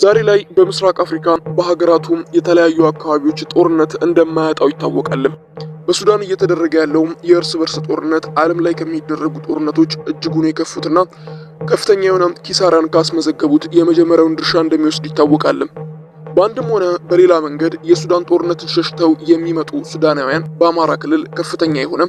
ዛሬ ላይ በምስራቅ አፍሪካ በሀገራቱም የተለያዩ አካባቢዎች ጦርነት እንደማያጣው ይታወቃል። በሱዳን እየተደረገ ያለው የእርስ በርስ ጦርነት ዓለም ላይ ከሚደረጉ ጦርነቶች እጅጉን የከፉትና ከፍተኛ የሆነ ኪሳራን ካስመዘገቡት የመጀመሪያውን ድርሻ እንደሚወስድ ይታወቃል። በአንድም ሆነ በሌላ መንገድ የሱዳን ጦርነትን ሸሽተው የሚመጡ ሱዳናውያን በአማራ ክልል ከፍተኛ የሆነ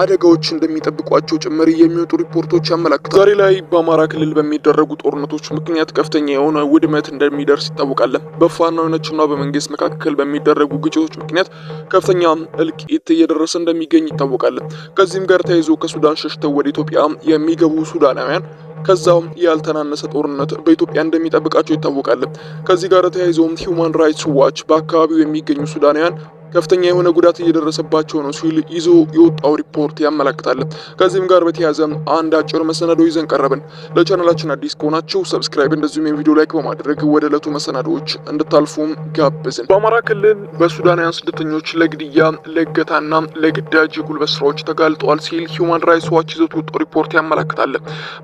አደጋዎች እንደሚጠብቋቸው ጭምር የሚወጡ ሪፖርቶች ያመላክታል። ዛሬ ላይ በአማራ ክልል በሚደረጉ ጦርነቶች ምክንያት ከፍተኛ የሆነ ውድመት እንደሚደርስ ይታወቃል። በፋኖችና በመንግስት መካከል በሚደረጉ ግጭቶች ምክንያት ከፍተኛ እልቂት እየደረሰ እንደሚገኝ ይታወቃል። ከዚህም ጋር ተያይዞ ከሱዳን ሸሽተው ወደ ኢትዮጵያ የሚገቡ ሱዳናውያን ከዛውም ያልተናነሰ ጦርነት በኢትዮጵያ እንደሚጠብቃቸው ይታወቃል። ከዚህ ጋር ተያይዞም ሂውማን ራይትስ ዋች በአካባቢው የሚገኙ ሱዳናውያን ከፍተኛ የሆነ ጉዳት እየደረሰባቸው ነው ሲል ይዞ የወጣው ሪፖርት ያመላክታል። ከዚህም ጋር በተያያዘ አንድ አጭር መሰናዶ ይዘን ቀረብን። ለቻናላችን አዲስ ከሆናችሁ ሰብስክራይብ፣ እንደዚሁም የቪዲዮ ላይክ በማድረግ ወደ ዕለቱ መሰናዶዎች እንድታልፉም ጋብዝን። በአማራ ክልል በሱዳናውያን ስደተኞች ለግድያ ለእገታና ለግዳጅ የጉልበት ስራዎች ተጋልጠዋል ሲል ሂውማን ራይትስ ዋች ይዘት ወጣው ሪፖርት ያመላክታል።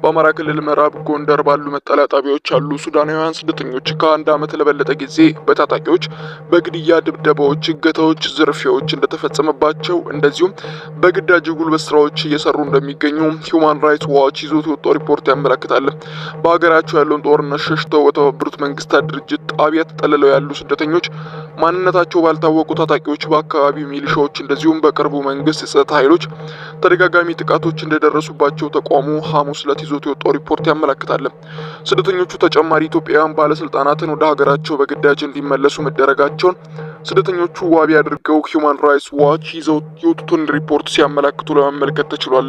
በአማራ ክልል ምዕራብ ጎንደር ባሉ መጠለያ ጣቢያዎች ያሉ ሱዳናውያን ስደተኞች ከአንድ ዓመት ለበለጠ ጊዜ በታጣቂዎች በግድያ ድብደባዎች፣ እገታዎች ሌሎች ዝርፊያዎች እንደተፈጸመባቸው እንደዚሁም በግዳጅ ጉልበት ስራዎች እየሰሩ እንደሚገኙ ሂውማን ራይትስ ዋች ይዞት የወጣው ሪፖርት ያመለክታል። በሀገራቸው ያለውን ጦርነት ሸሽተው በተባበሩት መንግስታት ድርጅት ጣቢያ ተጠልለው ያሉ ስደተኞች ማንነታቸው ባልታወቁ ታጣቂዎች፣ በአካባቢ ሚሊሻዎች እንደዚሁም በቅርቡ መንግስት የጸጥታ ኃይሎች ተደጋጋሚ ጥቃቶች እንደደረሱባቸው ተቋሙ ሐሙስ ዕለት ይዞት የወጣው ሪፖርት ያመለክታል። ስደተኞቹ ተጨማሪ ኢትዮጵያውያን ባለስልጣናትን ወደ ሀገራቸው በግዳጅ እንዲመለሱ መደረጋቸውን ስደተኞቹ ዋቢ አድርገው ሂዩማን ራይትስ ዋች ይዘው የወጡትን ሪፖርት ሲያመላክቱ ለመመልከት ተችሏል።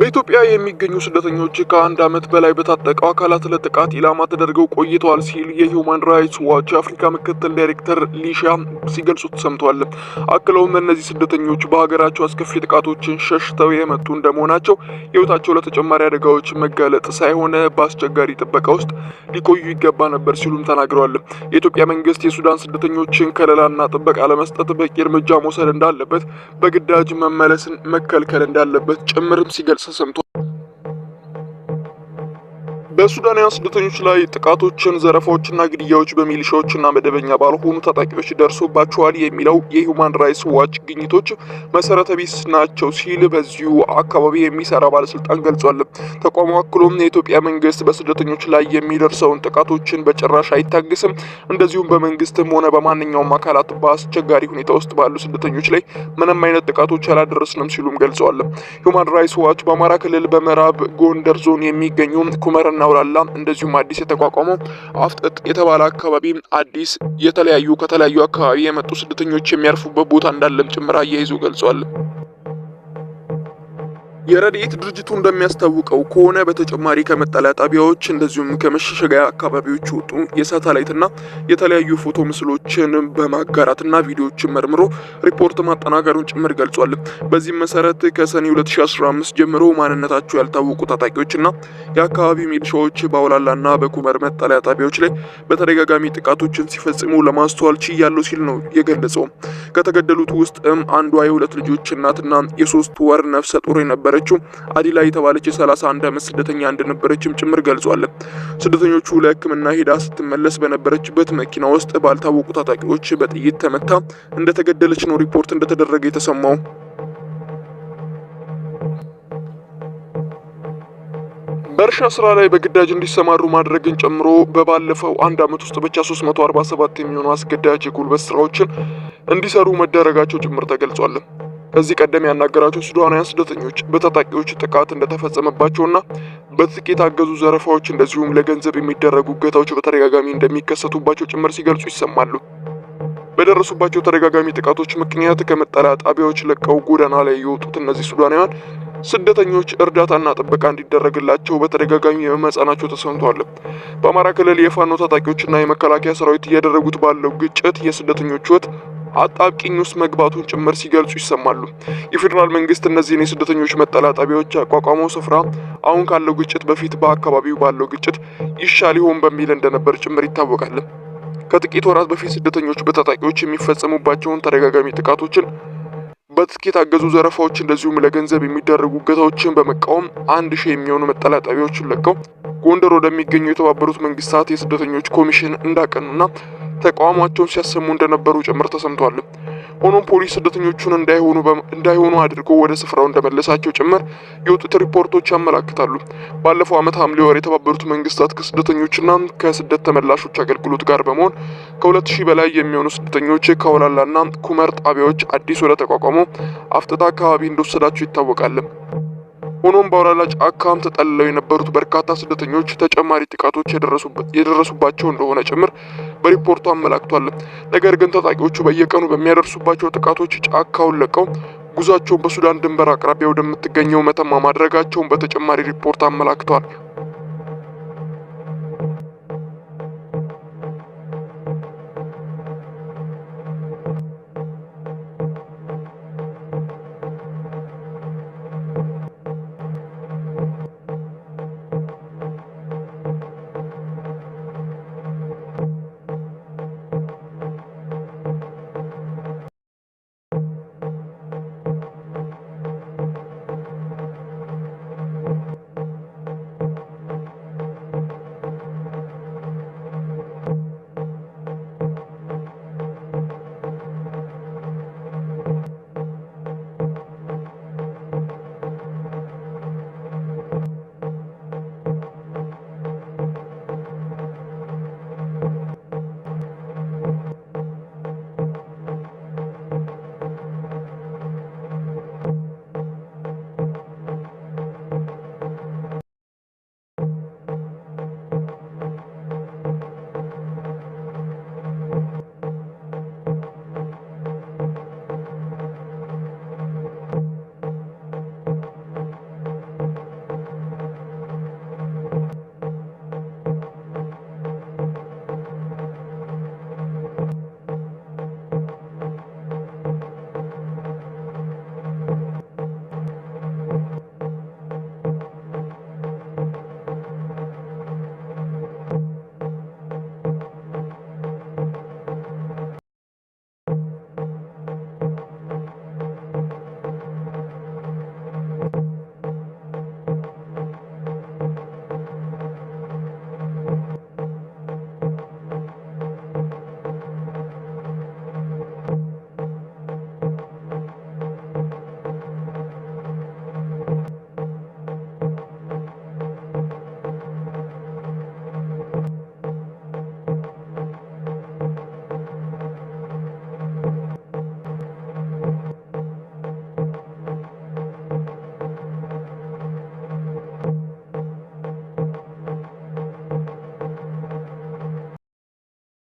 በኢትዮጵያ የሚገኙ ስደተኞች ከአንድ ዓመት በላይ በታጠቀው አካላት ለጥቃት ኢላማ ተደርገው ቆይተዋል ሲል የሂውማን ራይትስ ዋች የአፍሪካ ምክትል ዳይሬክተር ሊሻ ሲገልጹ ተሰምቷል። አክለውም እነዚህ ስደተኞች በሀገራቸው አስከፊ ጥቃቶችን ሸሽተው የመጡ እንደመሆናቸው ህይወታቸው ለተጨማሪ አደጋዎች መጋለጥ ሳይሆን በአስቸጋሪ ጥበቃ ውስጥ ሊቆዩ ይገባ ነበር ሲሉም ተናግረዋል። የኢትዮጵያ መንግስት የሱዳን ስደተኞችን ከለላና ጥበቃ ለመስጠት በቂ እርምጃ መውሰድ እንዳለበት፣ በግዳጅ መመለስን መከልከል እንዳለበት ጭምርም ሲገልጽ процессом በሱዳናውያን ስደተኞች ላይ ጥቃቶችን፣ ዘረፋዎችና ግድያዎች በሚሊሻዎችና መደበኛ ባልሆኑ ታጣቂዎች ደርሶባቸዋል የሚለው የሂውማን ራይትስ ዋች ግኝቶች መሰረተ ቢስ ናቸው ሲል በዚሁ አካባቢ የሚሰራ ባለስልጣን ገልጿል። ተቋሙ አክሎም የኢትዮጵያ መንግስት በስደተኞች ላይ የሚደርሰውን ጥቃቶችን በጭራሽ አይታግስም፣ እንደዚሁም በመንግስትም ሆነ በማንኛውም አካላት በአስቸጋሪ ሁኔታ ውስጥ ባሉ ስደተኞች ላይ ምንም አይነት ጥቃቶች አላደረስንም ሲሉም ገልጸዋል። ሂውማን ራይትስ ዋች በአማራ ክልል በምዕራብ ጎንደር ዞን የሚገኙ ኩመርና አውላላ እንደዚሁም አዲስ የተቋቋመው አፍጠጥ የተባለ አካባቢ አዲስ የተለያዩ ከተለያዩ አካባቢ የመጡ ስደተኞች የሚያርፉበት ቦታ እንዳለም ጭምር አያይዞ ገልጿል። የረድኤት ድርጅቱ እንደሚያስታውቀው ከሆነ በተጨማሪ ከመጠለያ ጣቢያዎች እንደዚሁም ከመሸሸጊያ አካባቢዎች ወጡ የሳተላይትና የተለያዩ ፎቶ ምስሎችን በማጋራትና ቪዲዮዎችን መርምሮ ሪፖርት ማጠናከሩን ጭምር ገልጿል። በዚህም መሰረት ከሰኔ 2015 ጀምሮ ማንነታቸው ያልታወቁ ታጣቂዎችና የአካባቢ ሚሊሻዎች በአውላላና በኩመር መጠለያ ጣቢያዎች ላይ በተደጋጋሚ ጥቃቶችን ሲፈጽሙ ለማስተዋል ችያለው ሲል ነው የገለጸው። ከተገደሉት ውስጥም አንዷ የሁለት ልጆች እናትና የሶስት ወር ነፍሰ ጡር የነበረ የነበረችው አዲላ የተባለች የ31 ዓመት ስደተኛ እንደነበረችም ጭምር ገልጿል። ስደተኞቹ ለሕክምና ሄዳ ስትመለስ በነበረችበት መኪና ውስጥ ባልታወቁ ታጣቂዎች በጥይት ተመታ እንደተገደለች ነው ሪፖርት እንደተደረገ የተሰማው። በእርሻ ስራ ላይ በግዳጅ እንዲሰማሩ ማድረግን ጨምሮ በባለፈው አንድ አመት ውስጥ ብቻ 347 የሚሆኑ አስገዳጅ የጉልበት ስራዎችን እንዲሰሩ መደረጋቸው ጭምር ተገልጿል። ከዚህ ቀደም ያናገራቸው ሱዳናውያን ስደተኞች በታጣቂዎች ጥቃት እንደተፈጸመባቸውና በጥቂት የታገዙ ዘረፋዎች እንደዚሁም ለገንዘብ የሚደረጉ እገታዎች በተደጋጋሚ እንደሚከሰቱባቸው ጭምር ሲገልጹ ይሰማሉ። በደረሱባቸው ተደጋጋሚ ጥቃቶች ምክንያት ከመጠለያ ጣቢያዎች ለቀው ጎዳና ላይ የወጡት እነዚህ ሱዳናውያን ስደተኞች እርዳታና ጥበቃ እንዲደረግላቸው በተደጋጋሚ የመማጸናቸው ተሰምቷል። በአማራ ክልል የፋኖ ታጣቂዎችና የመከላከያ ሰራዊት እያደረጉት ባለው ግጭት የስደተኞች ህይወት ። አጣብቂኝ ውስጥ መግባቱን ጭምር ሲገልጹ ይሰማሉ። የፌዴራል መንግስት እነዚህን የስደተኞች መጠለያ ጣቢያዎች ያቋቋመው ስፍራ አሁን ካለው ግጭት በፊት በአካባቢው ባለው ግጭት ይሻል ይሆን በሚል እንደነበር ጭምር ይታወቃል። ከጥቂት ወራት በፊት ስደተኞች በታጣቂዎች የሚፈጸሙባቸውን ተደጋጋሚ ጥቃቶችን በትኬት አገዙ ዘረፋዎች፣ እንደዚሁም ለገንዘብ የሚደረጉ እገታዎችን በመቃወም አንድ ሺህ የሚሆኑ መጠለያ ጣቢያዎችን ለቀው ጎንደር ወደሚገኙ የተባበሩት መንግስታት የስደተኞች ኮሚሽን እንዳቀኑና ተቃውሟቸውን ሲያሰሙ እንደነበሩ ጭምር ተሰምቷል። ሆኖም ፖሊስ ስደተኞቹን እንዳይሆኑ አድርጎ ወደ ስፍራው እንደመለሳቸው ጭምር የወጡት ሪፖርቶች ያመላክታሉ። ባለፈው ዓመት ሐምሌ ወር የተባበሩት መንግስታት ከስደተኞችና ከስደት ተመላሾች አገልግሎት ጋር በመሆን ከሁለት ሺህ በላይ የሚሆኑ ስደተኞች ከወላላና ኩመር ጣቢያዎች አዲስ ወደ ተቋቋመው አፍጥጣ አካባቢ እንደወሰዳቸው ይታወቃል። ሆኖም በአውላላ ጫካም ተጠልለው የነበሩት በርካታ ስደተኞች ተጨማሪ ጥቃቶች የደረሱባቸው እንደሆነ ጭምር በሪፖርቱ አመላክቷል። ነገር ግን ታጣቂዎቹ በየቀኑ በሚያደርሱባቸው ጥቃቶች ጫካውን ለቀው ጉዟቸውን በሱዳን ድንበር አቅራቢያ ወደምትገኘው መተማ ማድረጋቸውን በተጨማሪ ሪፖርት አመላክተዋል።